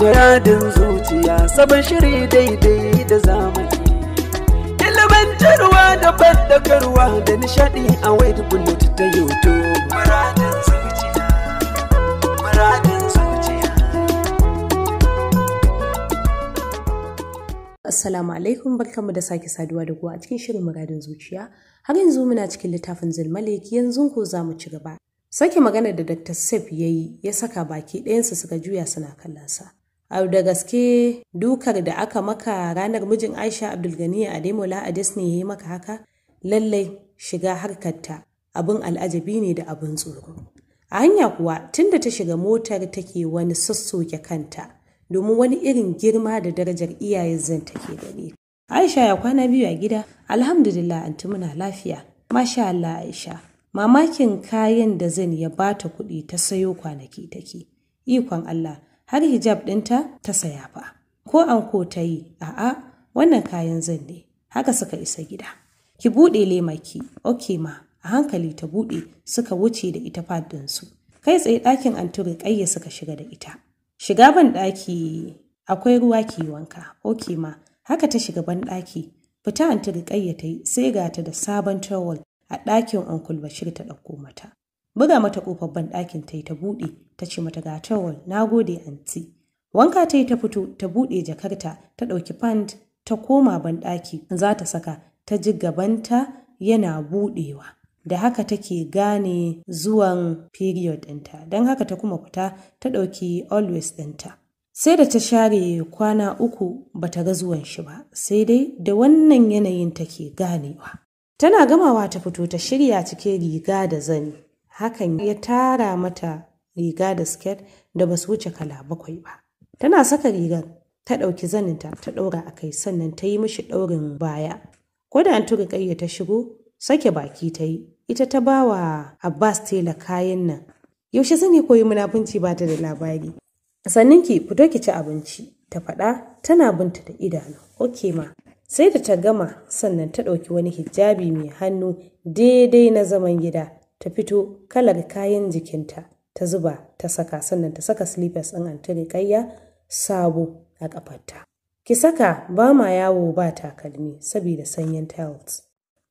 Muradin zuciya sabon shiri daidai da zamani. Ilimantarwa da bandagarwa da nishadi a wade bullet ta YouTube. Assalamu alaikum da sake saduwa da kuwa a cikin shirin muradin zuciya. Har yanzu muna cikin littafin Zulmalik yanzu ko za mu ci gaba. Sake maganar da Dr. Sef ya yi ya saka baki ɗayansa suka juya suna kallonsa. Abu da gaske dukar da aka maka ranar mijin aisha abdulgani a demola a disney ya yi maka haka lallai shiga harkarta abin al'ajabi ne da abin tsoro a hanya kuwa tunda ta shiga motar take wani sassoke kanta domin wani irin girma da darajar iyaye zan take gani aisha ya kwana biyu a gida alhamdulillah anti muna lafiya masha allah aisha mamakin kayan da zan ya bata kuɗi ta sayo kwanaki take ikon allah har hijab ɗinta ta saya fa. Ko an ko ta yi, a'a, wannan kayan zan ne, haka suka isa gida. Ki buɗe lemaki, oke ma, a hankali ta buɗe suka wuce da ita su Kai tsaye ɗakin anturi ƙayya suka shiga da ita. Shiga ban ɗaki akwai ruwa ki wanka, ok ma, haka ta shiga ban ɗaki. Fita anturi ƙayya ta yi sai ga ta da sabon towel a ɗakin onkul Bashir ta ɗauko mata. Buga mata ƙofar ban ɗakin ta yi ta buɗe ta ce mata ga na gode anti wanka ta yi ta fito ta buɗe jakarta ta ɗauki pant ta koma banɗaki za ta saka ta ji gabanta yana buɗewa da haka take gane zuwan period ɗinta don haka ta kuma fita ta ɗauki always ɗinta sai da ta share kwana uku bata ga zuwan shi ba sai dai da wannan yanayin take ganewa tana gamawa ta fito ta shirya cike riga da zani hakan ya tara mata riga da siket da ba su wuce kala bakwai ba tana saka rigar ta ɗauki zaninta ta ɗaura a kai sannan ta yi mishi ɗaurin baya ko da an tura ƙayya ta shigo sake baki ta yi ita ta ba wa abbas tela kayan nan yaushe zan yi koyi munafunci ba ta da labari sannan ki fito ki ci abinci ta faɗa tana binta da idanu oke ma sai da ta gama sannan ta ɗauki wani hijabi mai hannu daidai na zaman gida ta fito kalar kayan jikinta ta zuba ta saka sannan ta saka slippers ɗin tare kayya sabo a ƙafarta. Ki saka ba ma yawo ba takalmi saboda sanyin tiles.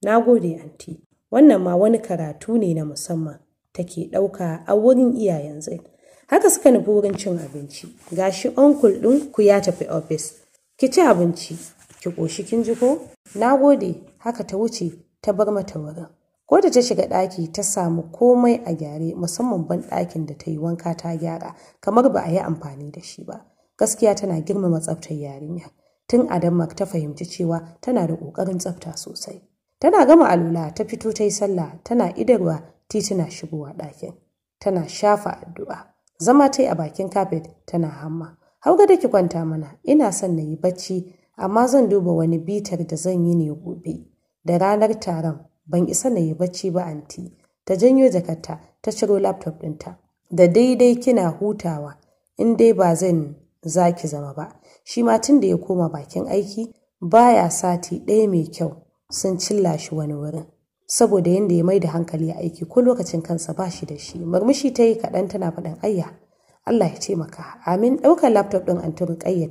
Na gode anti, wannan ma wani karatu ne na musamman take ɗauka a wurin iyayen zai. Haka suka nufi wurin cin abinci, gashi onkul ɗin ku ya tafi ofis. Ki ci abinci, ki ƙoshi kin ji ko? Na gode, haka ta wuce ta bar mata wurin. ko da ta shiga ɗaki ta samu komai a gyare musamman ban ɗakin da ta yi wanka ta gyara kamar ba a yi amfani da shi ba gaskiya tana girmama tsaftar yarinya tun adamak ta fahimci cewa tana da ƙoƙarin tsafta sosai tana gama alula ta fito ta yi sallah tana idarwa tituna shigowa ɗakin tana shafa addu'a zama ta a bakin kafet tana hamma hau da ki kwanta mana ina son na yi bacci amma zan duba wani bitar da zan yi ne gobe da ranar taron ban isa na yi bacci ba anti ta janyo jakarta ta ciro laptop ɗinta da daidai kina hutawa in dai ba zan zaki zama ba shi ma tun da ya koma bakin aiki baya sati ɗaya mai kyau sun cilla shi wani wurin saboda yadda ya mai da hankali a aiki ko lokacin kansa ba shi da shi murmushi ta yi kaɗan tana faɗin ayya Allah ya taimaka amin ɗaukar laptop ɗin an turu ta yi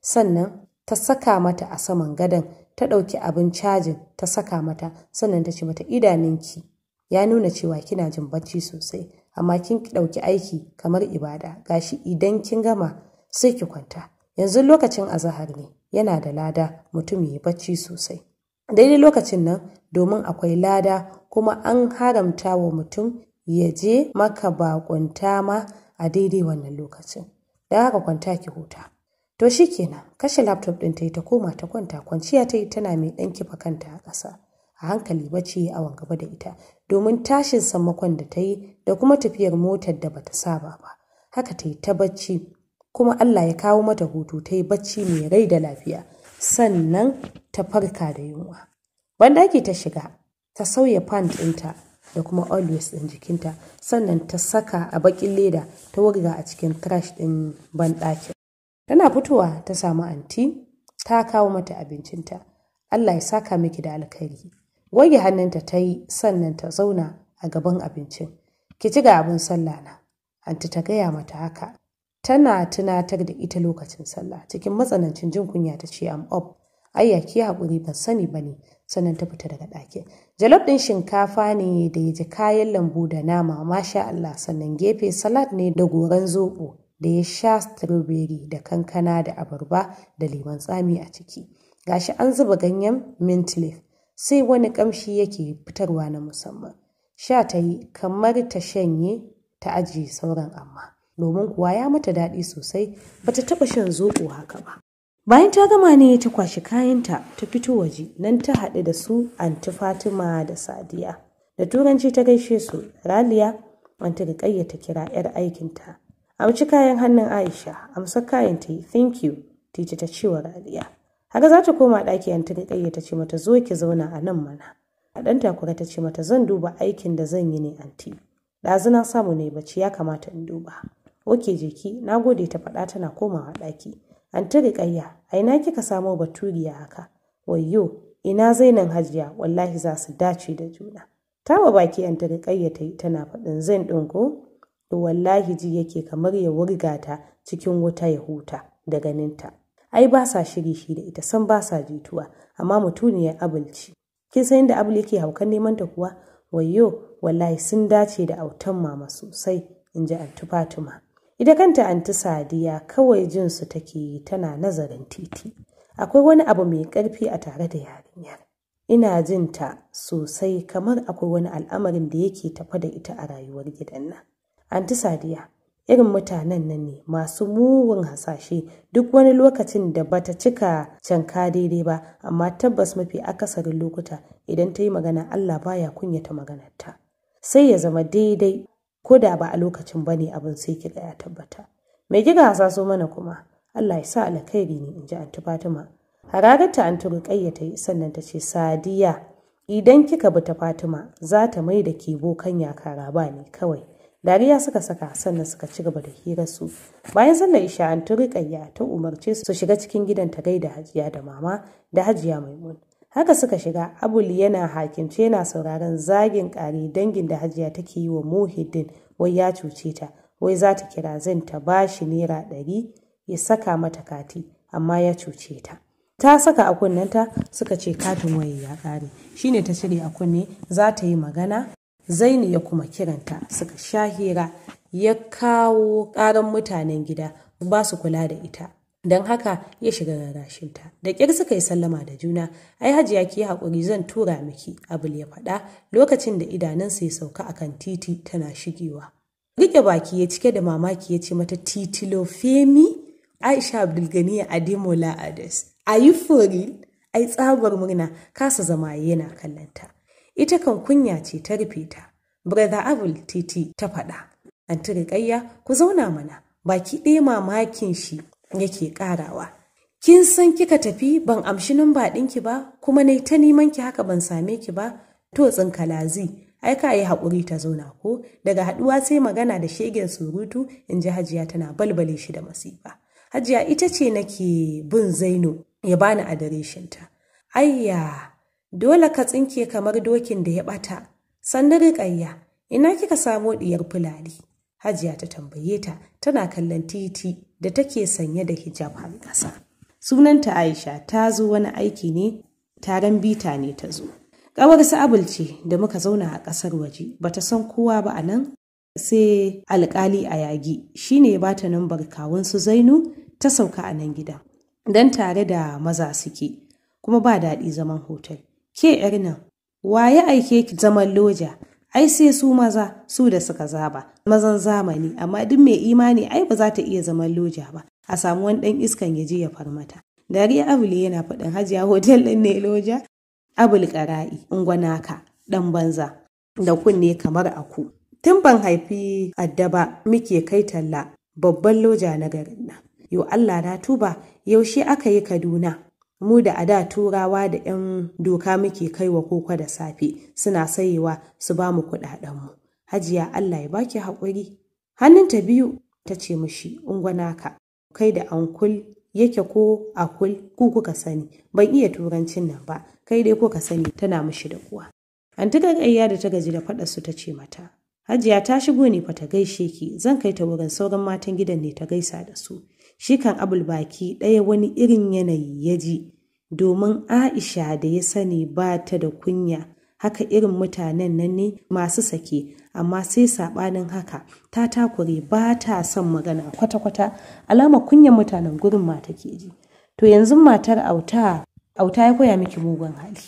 sannan ta saka mata a saman gadon ta ɗauki abin cajin ta saka mata sannan ta ce mata idanunki ya nuna cewa kina jin bacci sosai amma kin ɗauki aiki kamar ibada gashi idan kin gama sai ki kwanta yanzu lokacin azahar ne yana da lada mutum yi bacci sosai daidai lokacin nan domin akwai lada kuma an haramta wa mutum ya je maka bakunta ma a daidai wannan lokacin da haka kwanta ki huta To shi kenan, kashe laptop ɗin ta yi ta koma ta kwanta kwanciya ta yi tana mai ɗan kifa kanta a ƙasa. A hankali bacci a awon gaba da ita domin tashin sammakon da ta yi da kuma tafiyar motar da bata saba ba. Haka ta yi ta bacci kuma Allah ya kawo mata hutu ta yi bacci mai rai da lafiya sannan ta farka da yunwa. Bandaki ta shiga ta sauya pant ɗinta da kuma always ɗin jikinta sannan ta saka a bakin leda ta wurga a cikin trash ɗin banɗakin. tana fitowa ta samu anti ta kawo mata abincinta Allah ya saka miki da alkhairi goge hannunta ta yi sannan ta zauna a gaban abincin ki ci ga abin sallah na anti ta gaya mata haka tana tunatar da ita lokacin sallah cikin matsanancin jin kunya ta ce am up ayya ki haƙuri ban sani ba ne, sannan ta fita daga ɗakin jalof ɗin shinkafa ne da ya ji kayan lambu da nama masha Allah sannan gefe salad ne da goran zobo. da ya sha strawberry da kankana da abarba da lemon tsami a ciki. Gashi an zuba ganyen mint leaf sai wani kamshi yake fitarwa na musamman. Sha ta yi kamar ta shanye ta ajiye sauran amma. Domin kuwa ya mata daɗi sosai ba ta taɓa shan zoɓo haka ba. Bayan ta gama ne ta kwashi kayanta ta fito waje nan ta haɗu da su anti Fatima da Sadiya. Da turanci ta gaishe su Raliya wanta ga ƙayyata kira 'yar aikinta. amshi kayan hannun aisha amsa kayan ta yi thank you titi ta ciwa rariya haka za ta koma ɗaki an tuni ƙayya ta ce mata zo ki zauna a nan mana a ɗan takura ta ce mata zan duba aikin da zan yi ne anti ɗazu na samu ne bacci ya kamata in duba oke jiki na gode ta faɗa tana komawa ɗaki an tuni ƙayya a ina kika samo baturiya haka wayyo ina zainan hajiya wallahi za su dace da juna tawa baki an tuni ƙayya ta yi tana faɗin zan ɗin to wallahi ji yake kamar ya wurga ta cikin wuta ya huta da ganinta. Ai ba sa shiri shi da ita san ba sa jituwa amma mutuniyar abulci. Kin san inda abul yake haukan neman ta kuwa? wayo wallahi sun dace da autan mama sosai in ji Antu Fatima. Ita kanta Antu Sadiya kawai jin su take yi tana nazarin titi. Akwai wani abu mai ƙarfi a tare da yarinyar. Ina jin ta sosai kamar akwai wani al'amarin da yake tafa da ita a rayuwar gidan nan. Anti Sadiya, irin mutanen nan ne masu mugun hasashe duk wani lokacin da bata cika canka daidai ba, amma tabbas mafi akasarin lokuta idan ta yi magana Allah baya kunyata maganarta. Sai ya zama daidai ko da ba a lokacin ba ne abin sai ki ya tabbata. Mai kiga hasaso mana kuma, Allah ya sa alkhairi ne in ji Anti Fatima. Hararta Anti Ruqayya ta yi sannan ta ce Sadiya idan kika bi ta Fatima za ta mai da ke bokan yakara ba ne kawai. dariya suka saka sannan suka ci gaba da hirar su bayan sannan isha'an ta riƙayya ta umarce su shiga cikin gidan ta gaida hajiya da mama da hajiya mai mun. haka suka shiga abul yana hakimce yana sauraron zagin ƙari dangin da hajiya take yi wa muhiddin wai ya cuce ta wai za ta kira zan ta ba shi naira ɗari ya saka mata kati amma ya cuce ta ta saka a kunnenta suka ce katin waye ya ƙare shine ta cire a kunne za ta yi magana zaini ya kuma kiranta suka sha hira ya kawo ƙaran mutanen gida ba su kula da ita don haka ya shiga rarashinta da ƙyar suka yi sallama da juna ai hajiya ki haƙuri zan tura miki abul ya faɗa lokacin da idanunsa ya sauka a kan titi tana shigewa riƙe baki ya cike da mamaki ya ce mata titilofemi aisha abdulgani ademola ades a yi ai tsabar murna kasa zama yana kallanta ita kan kunya ce ta rufe ta brother abul titi ta faɗa an ƙayya ku zauna mana baki ɗaya mamakin shi yake ƙarawa kin san kika tafi ban amshi numba ɗinki ba kuma nai ta neman ki haka ban same ki ba to tsinkalazi ai ka yi haƙuri ta zauna ko daga haɗuwa sai magana da shegen surutu in ji hajiya tana balbale shi da masifa hajiya ita ce nake bin zaino ya bani adireshinta ayya dole ka tsinke kamar dokin da ya ɓata. Sannan riƙayya, ina kika samo ɗiyar fulani? Hajiya ta tambaye ta tana kallon titi da take sanye da hijab har ƙasa. Sunanta Aisha ta zo wani aiki ne, taron bita ne ta zo. Ƙawar Sa'abul ce da muka zauna a ƙasar waje, bata san kowa ba a nan sai alƙali a yagi, shine ya bata nambar kawun su Zainu ta sauka a nan gida. Dan tare da maza suke, kuma ba daɗi zaman hotel. Ke ‘yar nan, waye aike ki zaman loja? Ai sai su maza su da suka zaba, mazan zamani, amma duk mai imani ai ba za ta iya zaman loja ba, a samu wani ɗan iskan ya je ya farmata. Dariya Abule yana faɗin hajiya hotel ɗin ne loja? Abul ƙara'i, ungwanaka, ɗan banza, da kunne kamar aku. Tun ban haifi addaba muke kai talla babban loja na garin nan. Yo Allah na tuba yaushe aka yi Kaduna mu da a da turawa da 'yan doka muke kaiwa koko da safe suna sayewa su ba mu kuɗaɗenmu hajiya allah ya baki haƙuri ta biyu ta ce mushi ungwanaka kai da ankul yake ko akul ku kuka sani ban iya turancin nan ba kai dai kuka sani tana mushi da kuwa an ta da ta gaji da faɗar su ta ce mata hajiya ta shigo ne fa ta gaishe ki zan kai ta wurin sauran matan gidan ne ta gaisa da su shi kan abul baki ɗaya wani irin yanayi ya ji domin aisha da ya sani ba ta da kunya haka irin mutanen nan ne masu sake amma sai saɓanin haka ta takure ba ta son magana kwata-kwata alama kunyan mutanen gurin mata ke ji to yanzu matar auta auta ya koya miki mugun hali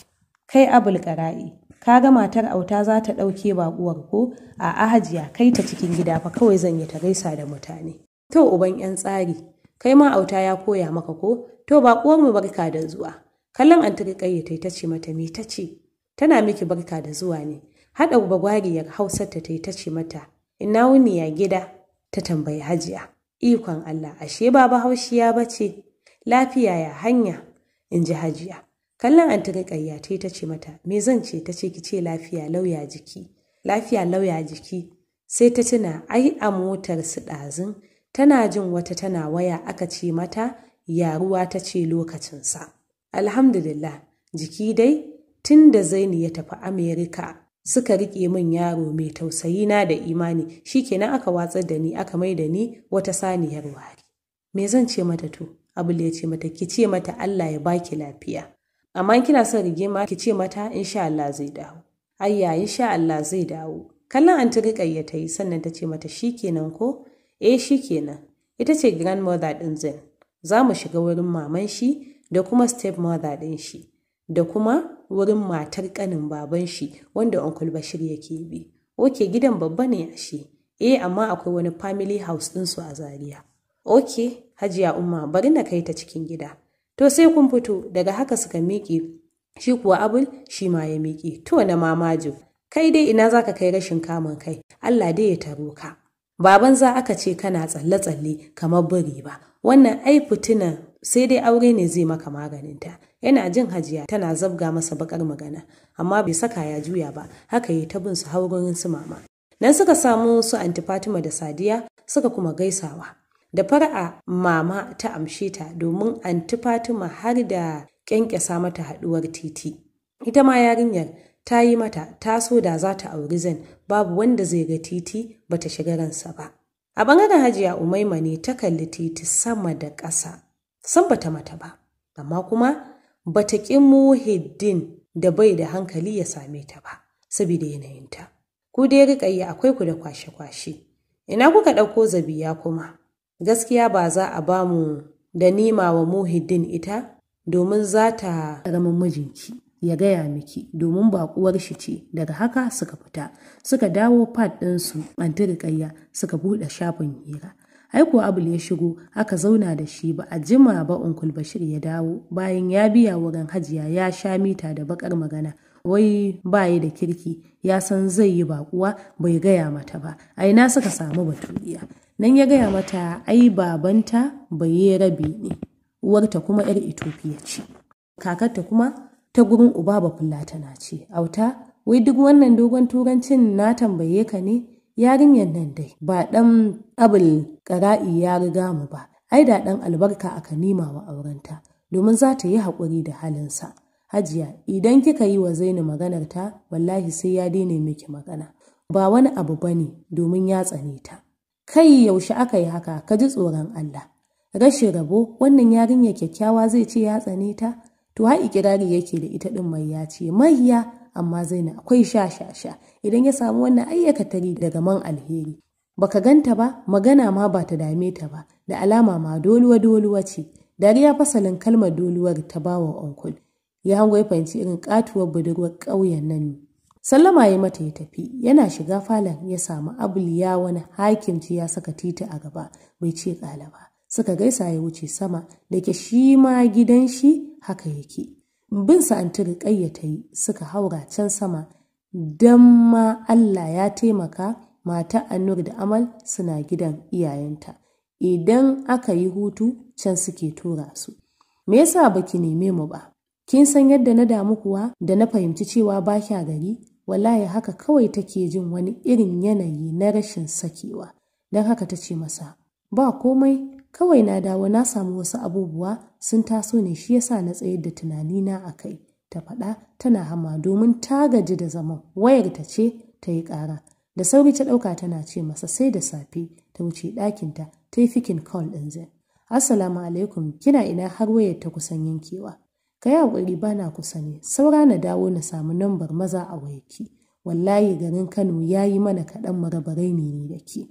kai abul ƙara'i ka ga matar auta za ta ɗauke baƙuwar ko a ahajiya kai ta cikin gida fa kawai zan yi ta gaisa da mutane to uban 'yan tsari kai ma auta ya koya maka ko to ba mu barka da zuwa kallon anta ta kayyata ta ce mata me ta ce tana miki barka da zuwa ne haɗa bagwariyar Hausa ta ta ce mata ina wuni ya gida ta tambayi hajiya ikon Allah ashe ba bahaushiya ba ce lafiya ya hanya in ji hajiya kallon anta ta kayyata ta ce mata me zan ce ta ce ki ce lafiya lauya jiki lafiya lauya jiki sai ta tuna ai a motar su ɗazun Tana jin wata tana waya aka ce mata yaruwa ta ce lokacinsa. Alhamdulillah, jiki dai tun da Zaini ya tafi Amerika suka riƙe min yaro mai tausayi na da imani shi kenan aka watsar da ni aka mai da ni wata saniyar wari. Me zan ce mata to? Abu ya ce mata ki ce mata Allah ya baki lafiya. Amma kina son ma ki ce mata insha Allah zai dawo. Ayya insha Allah zai dawo. Kallon an ta riƙayya ta yi sannan ta ce mata shi kenan ko eh shi kenan ita ce grandmother ɗin Zain za mu shiga wurin maman shi da kuma stepmother ɗin shi da kuma wurin matar ƙanin baban shi wanda Uncle Bashir yake bi oke gidan babba ne a shi eh amma akwai wani family house din su a Zaria oke Hajiya Umma bari na kai ta cikin gida to sai kun fito daga haka suka miƙe shi kuwa abul shi ma ya miƙe to na mamajo kai dai ina zaka kai rashin kamun kai Allah dai ya taro ka baban za aka ce kana tsalle-tsalle kamar biri ba wannan ai fitina sai dai aure ne zai maka maganinta yana jin hajiya tana zabga masa bakar magana amma bai saka ya juya ba haka yi ta bin su haurorin su mama nan suka samu su anti fatima da sadiya suka kuma gaisawa da fara'a mama ta amshe ta domin anti fatima har da kyankyasa mata haduwar titi ita ma yarinyar ta yi mata ta so da za ta auri zan babu wanda zai ga titi ba bata shiga ransa ba. A bangaren hajiya Umaima ne ta kalli titi sama da ƙasa, san ba ta mata ba, amma kuma bata ƙi muhiddin da bai da hankali ya same ta ba, saboda yanayinta. Ku dai yi akwai ku da kwashe-kwashe. Ina kuka ɗauko zabiya kuma? Gaskiya ba za a ba mu da nima wa muhiddin ita domin za ta zama mijinki. ya gaya miki domin baƙuwar shi ce daga haka suka fita suka dawo pad ɗinsu antirikayya suka buɗe shafin hira aiko abul ya shigo aka zauna da shi ba a jima ba unkul bashir ya dawo bayan ya biya wurin hajiya ya sha mita da bakar magana wai bayi da kirki ya san zai yi bakuwa bai gaya mata ba a ina suka samu baturiya nan ya gaya mata ai babanta bai yi rabi ne uwarta kuma yar ethiopia ce kakarta kuma ta gurin uba ba tana ce auta wai duk wannan dogon turancin na tambaye ka ne yarinyar nan dai ba ɗan abul kara'i ya riga mu ba ai da ɗan albarka aka nima wa aurenta domin za ta yi haƙuri da halinsa hajiya idan kika yi wa zainu maganar ta wallahi sai ya daina miki magana ba wani abu ba ne. domin ya tsane ta kai yaushe aka yi haka ka ji tsoron Allah rashin rabo wannan yarinya kyakkyawa zai ce ya tsane ta to har ikirari yake da ita ɗin mai ya ce mayya amma zai na akwai sha sha sha idan ya samu wannan ayyaka tari daga man alheri baka ganta ba magana ma ba ta dame ta ba da alama ma doluwa doluwa ce dariya fasalin kalmar doluwar ta bawa onkul ya hango ya fahimci irin katuwar budurwar ƙauyen nan ne sallama ya mata ya tafi yana shiga falon ya samu abul ya wani hakimci ya saka titi a gaba bai ce ƙala ba suka gaisa ya wuce sama da ke shi ma gidan shi haka yake bin sa an riƙayya ta yi suka haura can sama don ma Allah ya taimaka mata Anur da Amal suna gidan iyayenta idan aka yi hutu can suke tura su me yasa baki neme mu ba kin san yadda na damu kuwa da na fahimci cewa ba kya gari wallahi haka kawai take jin wani irin yanayi na rashin sakewa don haka ta ce masa ba komai Kawai na dawo na samu wasu abubuwa sun taso ne shi yasa na tsayar da tunanina a kai, ta faɗa tana hama domin ta gaji da wayar ta ce ta yi ƙara. Da sauri ta ɗauka tana ce masa sai da safe ta wuce ɗakinta ta yi fikin call ɗin zai. Assalamu alaikum kina ina har wayar ta kusan yankewa. Ka yi haƙuri ba na kusa ne, saura na dawo na samu nambar maza a wayarki. Wallahi garin Kano ya yi mana kaɗan marabarai ne da ke.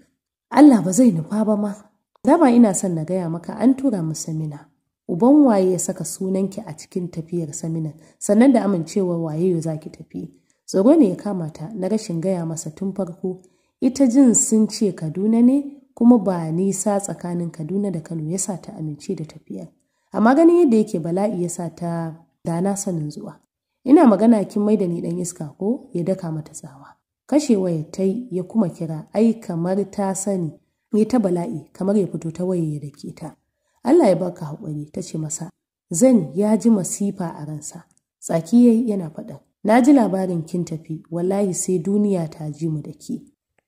Allah ba zai nufa ba ma Dama ina son na gaya maka an tura mu samina. Uban waye ya saka sunanki a cikin tafiyar samina sannan da amincewar waye yau za ki tafi. Tsoro ne ya kama ta na rashin gaya masa tun farko, ita jin sun ce Kaduna ne kuma ba nisa tsakanin Kaduna da Kano yasa ta amince da tafiyar. Amma ganin yadda yake bala'i ya sa ta dana sanin zuwa. Ina magana kin maida ni dan iska ko ya daka mata tsawa. Kashe ya tai ya kuma kira ai kamar ta sani ya ta bala'i kamar ya fito ta waye ya dake ta Allah ya baka haƙuri ta ce masa zan ya ji masifa a ransa tsaki yayi yana faɗa na ji labarin kin tafi wallahi sai duniya ta ji mu da ke.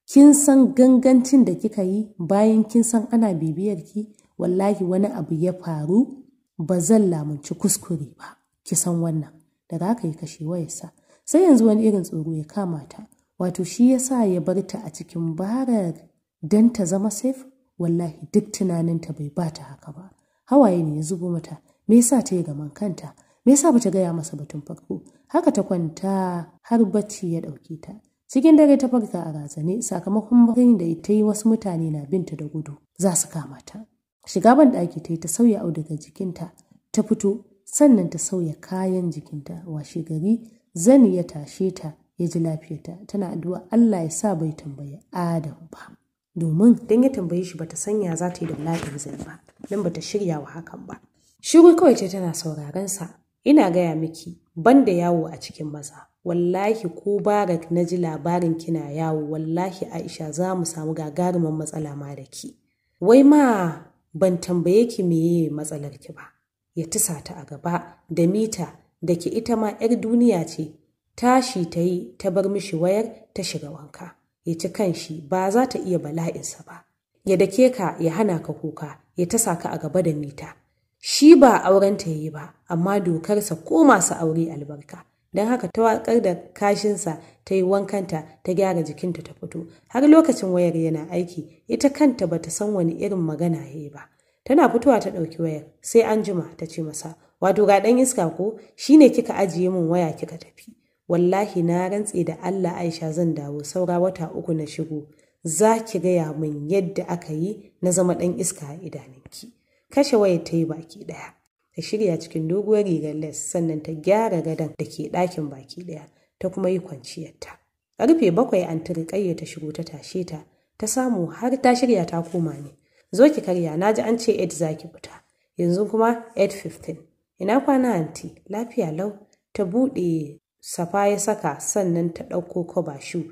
kin san gangancin da kika yi bayan kin san ana bibiyar ki wallahi wani abu ya faru ba zan lamunci kuskure ba ki san wannan daga haka ya kashe wayarsa sai yanzu wani irin tsoro ya kama ta wato shi ya sa ya bar ta a cikin barar don ta zama safe wallahi duk tunaninta bai ba ta haka ba hawaye ne ya zubo mata me yasa ta yi gaman kanta me yasa bata gaya masa batun farko haka ta kwanta har bacci ya ɗauke ta cikin dare ta farka a razane sakamakon bakin da ta yi wasu mutane na binta da gudu za su kama ta shiga ban ɗaki ta yi ta sauya auduga jikinta ta fito sannan ta sauya kayan jikinta washe gari zani ya tashe ta ya ji lafiyata. tana addu'a Allah ya sa bai tambaya Adam ba domin don ya tambaye shi bata sanya za ta yi da bala'in ba don bata shirya wa hakan ba shiru kawai ce tana sauraron sa ina gaya miki ban da yawo a cikin maza wallahi ko barak na ji labarin kina yawo wallahi aisha za mu samu gagarumin matsala ma da ki wai ma ban tambaye ki meye matsalar ki ba ya tisa ta a gaba da mita da ki ita ma 'yar duniya ce tashi ta yi ta bar mishi wayar ta shiga wanka ya ci kanshi ba za ta iya bala'insa ba ya dake ka ya hana ka kuka ya tasa ka a gaba da mita shi ba aurenta yi ba amma dokarsa ko masu aure albarka don haka ta waƙar da kashinsa ta yi wankanta ta gyara jikinta ta fito har lokacin wayar yana aiki ita kanta ba ta san wani irin magana ya yi ba tana fitowa ta ɗauki wayar sai an jima ta ce masa wato ga ɗan iska ko shi ne kika ajiye min waya kika tafi wallahi na rantse da Allah Aisha zan dawo saura wata uku na shigo za ki gaya min yadda aka yi na zama ɗan iska a idanunki kashe wayar ta yi baki ɗaya ta shirya cikin doguwar rigar les sannan ta gyara gadon da ke ɗakin baki ɗaya ta kuma yi kwanciyarta rufe bakwai an turi ta shigo ta tashe ta ta samu har ta shirya ta koma ne zo ki karya na ji an ce 8 za ki fita yanzu kuma 8:15 ina kwana anti lafiya lau ta buɗe safa ya saka sannan ta ɗauko kwaba shu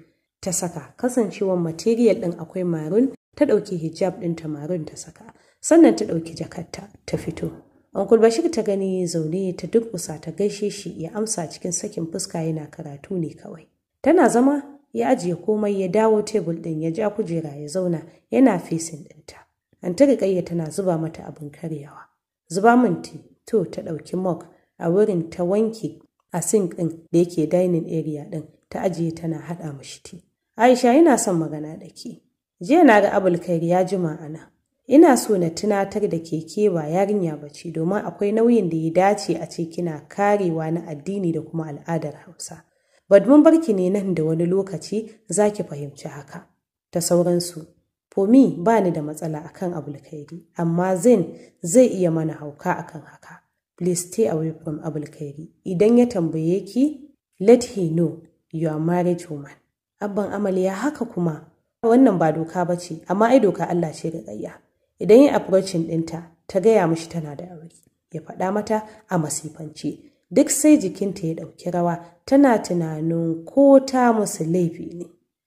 ta saka kasancewar material ɗin akwai marun ta ɗauki hijab ta marun ta saka sannan ta ɗauki jakarta ta fito Uncle Bashir ta gani zaune ta duk durƙusa ta gaishe shi ya amsa cikin sakin fuska yana karatu ne kawai. Tana zama ya ajiye komai ya dawo tebul ɗin ya ja kujera ya zauna yana fesin ɗinta. An ta riƙayya tana zuba mata abin karyawa. Zuba minti to ta ɗauki mok a wurin ta wanke a sink ɗin da yake dining area ɗin ta ajiye tana haɗa mashi ti. Aisha yana son magana da ke. Jiya na ga Abulkair ya jima a Ina so na tunatar da keke ba yarinya ba ce domin akwai nauyin da ya dace a ce kina karewa na addini da kuma al'adar Hausa. Badmun barki ne nan da wani lokaci zaki fahimci haka. Ta sauran su, Fomi ba ni da matsala akan Abulkairi, amma Zain zai iya mana hauka akan haka. Please stay away from Abul Kairi. Idan ya tambaye ki, let he know you are married woman. Abban amaliya haka kuma. Wannan ba doka ba ce, amma ai doka Allah ce da ƙayya. Idan yin approaching ɗinta, ta gaya mishi tana da aure. Ya faɗa mata a masifance. Duk sai jikinta ya ɗauki rawa, tana tunanin ko ta musu laifi ne.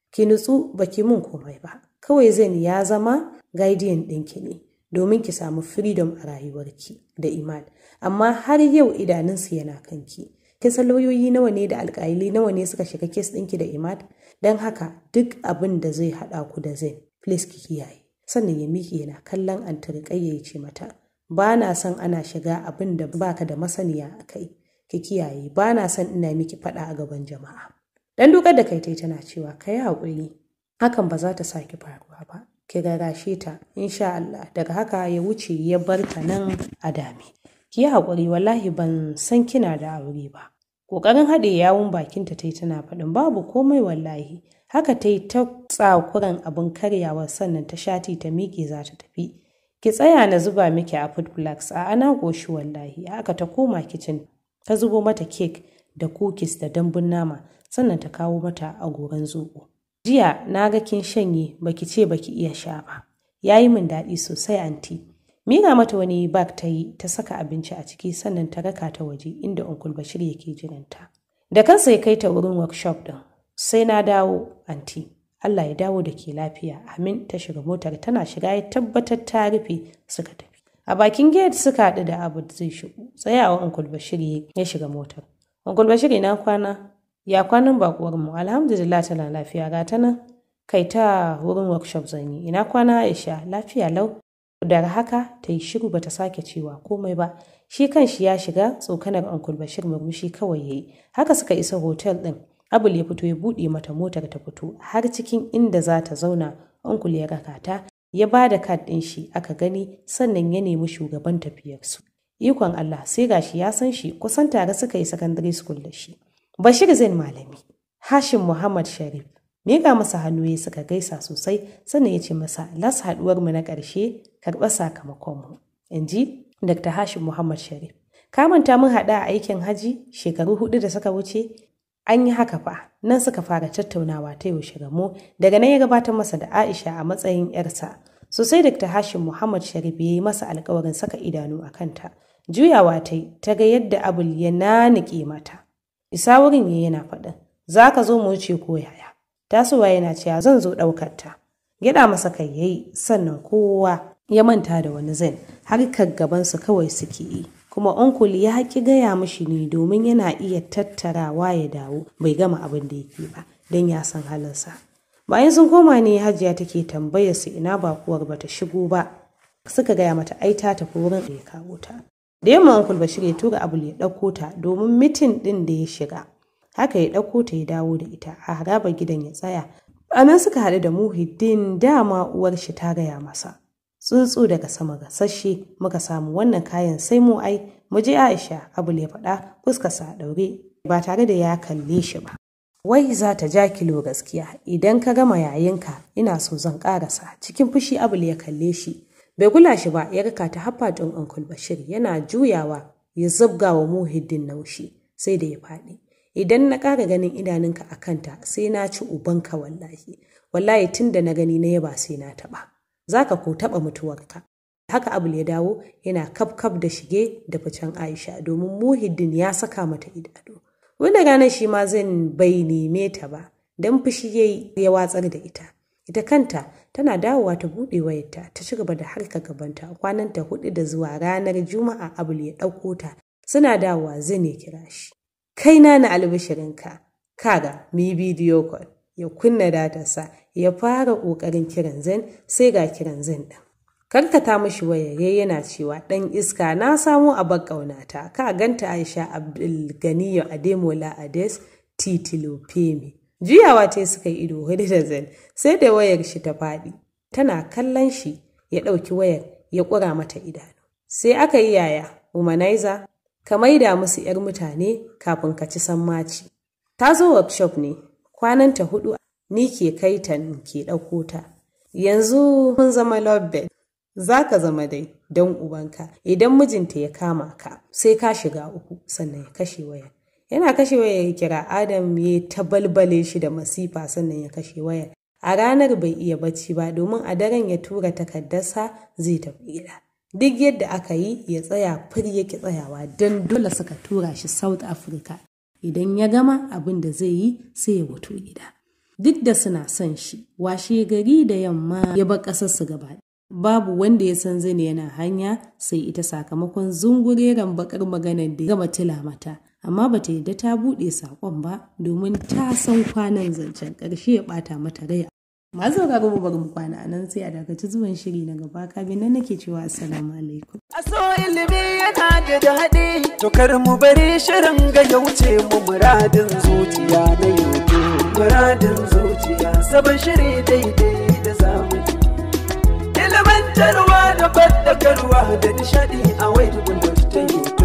Ki nutsu baki mun komai ba, kawai zan ya zama guardian ɗinki ne. domin ki samu freedom a rayuwarki da iman amma har yau idanunsu yana kanki kin san lauyoyi nawa ne da alƙali nawa ne suka shiga kes ɗinki da iman don haka duk abin da zai haɗa ku da zai please ki kiyaye sannan ya miki yana kallon antarikai ya ce mata ba na son ana shiga abin da baka da masaniya a kai ki kiyaye ba na son ina miki faɗa a gaban jama'a dan dokar da kai tana cewa kai yi haƙuri hakan ba za ta sake faruwa ba ki rarrashe ta insha Allah daga haka ya wuce ya bar ta nan a dami. ki yi haƙuri wallahi ban san kina da aure ba ƙoƙarin haɗe yawun bakinta ta yi tana faɗin babu komai wallahi haka ta yi ta tsakuran abun karyawa sannan ta shati ta miƙe za ta tafi ki tsaya na zuba miki a food blocks a ana goshi wallahi haka ta koma kicin ta zubo mata kek da kukis da dambun nama sannan ta kawo mata a goron zoɓo Jiya na ga kin shanye baki ce baki iya sha ba. Ya yi min daɗi sosai anti. Mira mata wani bag ta yi ta saka abinci a ciki sannan ta raka ta waje inda Uncle Bashir yake jiranta. Da kansa ya kai ta wurin workshop ɗin. Sai na dawo anti. Allah ya dawo da ke lafiya. Amin ta shiga motar tana shiga ya tabbatar ta rufe suka tafi. A bakin gate suka haɗu da abu zai shigo. Tsayawa Uncle Bashir ya shiga motar. Uncle Bashir na kwana ya kwanan bakuwar mu alhamdulillah tana lafiya ga ta nan kai ta wurin workshop zan yi ina kwana aisha lafiya lau daga haka ta yi shiru bata sake cewa komai ba shi kan shi ya shiga tsokanar uncle bashir murmushi kawai yayi haka suka isa hotel din abul ya fito ya buɗe mata motar ta fito har cikin inda za ta zauna uncle ya rakata ya ba da kad ɗin shi aka gani sannan ya nemi shugaban tafiyarsu ikon allah sai gashi ya san shi kusan tare suka yi secondary school da shi Bashir Zain Malami, Hashim Muhammad Sharif, miƙa masa hannu ya suka gaisa sosai sannan ya ce masa las haɗuwar mu na ƙarshe karɓa sakamakon mu. In ji Dr. Hashim Muhammad Sharif. Ka manta mun haɗa a aikin haji shekaru hudu da suka wuce an yi haka fa nan suka fara tattaunawa ta yaushe gamo daga nan ya gabatar masa da Aisha a matsayin 'yarsa. sosai Dr. Hashim Muhammad Sharif ya yi masa alkawarin saka idanu a kanta. Juyawa ta yi ta ga yadda Abul ya nanike mata. isa wurin yi yana faɗin za ka zo mu wuce ko yaya tasowa yana cewa zan zo ɗaukar ta gyaɗa masa kai yayi sannan kowa ya manta da wani zan harkar gabansu kawai suke yi kuma onkul ya haƙi gaya mishi ne domin yana iya tattarawa ya dawo bai gama abin da yake ba don ya san halinsa bayan sun koma ne hajiya take tambayar su ina bakuwar bata shigo ba suka gaya mata ai ta tafi wurin da ya kawo ta da yamma uncle bashir ya tura abu ya dauko ta domin mitin din da ya shiga haka ya dauko ta ya dawo da ita a harabar gidan ya tsaya a suka haɗu da muhiddin dama uwar shi ta gaya masa tsuntsu daga sama gasasshe muka samu wannan kayan sai mu ai mu je aisha abu ya faɗa fuskarsa a daure. ba tare da ya kalle shi ba wai za ta ja kilo gaskiya idan ka gama yayinka ina so zan ƙarasa cikin fushi abul ya kalle shi bai kula shi ba ya raka ta haffa ɗin uncle bashir yana juyawa ya zabga wa muhiddin naushi sai da ya faɗi idan na ƙara ganin idanunka a kanta sai na ci ubanka wallahi wallahi tun da na gani na yaba sai na taɓa za ka ko taɓa mutuwarka haka abul ya dawo yana kafkaf da shige da ficen aisha domin muhiddin ya saka mata idado wanda ranar shi ma zan bai neme ta ba don fushi ya watsar da ita ita kanta tana dawowa ta buɗe wayarta ta ci gaba da harka gabanta kwanan ta hudu da zuwa ranar juma'a abul ya ɗauko ta suna dawowa zai ya kira shi kai na na albishirinka kaga mu yi bidiyo call ya kunna datarsa ya fara ƙoƙarin kiran zan sai ga kiran zan ɗin karkata mashi wayare yana cewa ɗan iska na samo a bar ƙaunata ka ganta aisha abdulganiyo ademola ades titilopemi Juyawa ce suka yi ido hudu da zan sai da wayar shi ta faɗi. Tana kallon shi ya ɗauki wayar ya ƙura mata idanu. Sai aka yi yaya, womanizer, ka maida musu ‘yar mutane kafin ka ci sammaci. Ta zo workshop ne, kwananta hudu ni ke kai ta ke ɗauko ta. Yanzu mun zama lobbed, za ka zama dai don ubanka, idan mijinta ya kama ka, sai ka shiga uku sannan ya kashe wayar. yana kashe waya ya kira adam ya ta balbale shi da masifa sannan ya kashe waya a ranar bai iya bacci ba domin a daren ya tura takardarsa zai tafi gida duk yadda aka yi ya tsaya fir yake tsayawa don dole suka tura shi south africa idan ya gama abin da zai yi sai ya wuto gida duk da suna son shi washe gari da yamma ya bar su gaba babu wanda ya san zane yana hanya sai ita sakamakon zungureren bakar maganar da gama tila mata amma ba ta yadda ta buɗe saƙon ba domin ta san kwanan zancen ƙarshe ya ɓata mata rai masu sauraro mu bari mu kwana a nan sai a dakaci zuwan shiri na gaba kamin nan nake cewa assalamu alaikum A so ilimi yana da daɗi to kar mu bari shirin ga ya wuce mu muradin zuciya na yanzu muradin zuciya sabon shiri daidai da zamani ilimantarwa da fadakarwa da nishaɗi a wai tukun da ta yi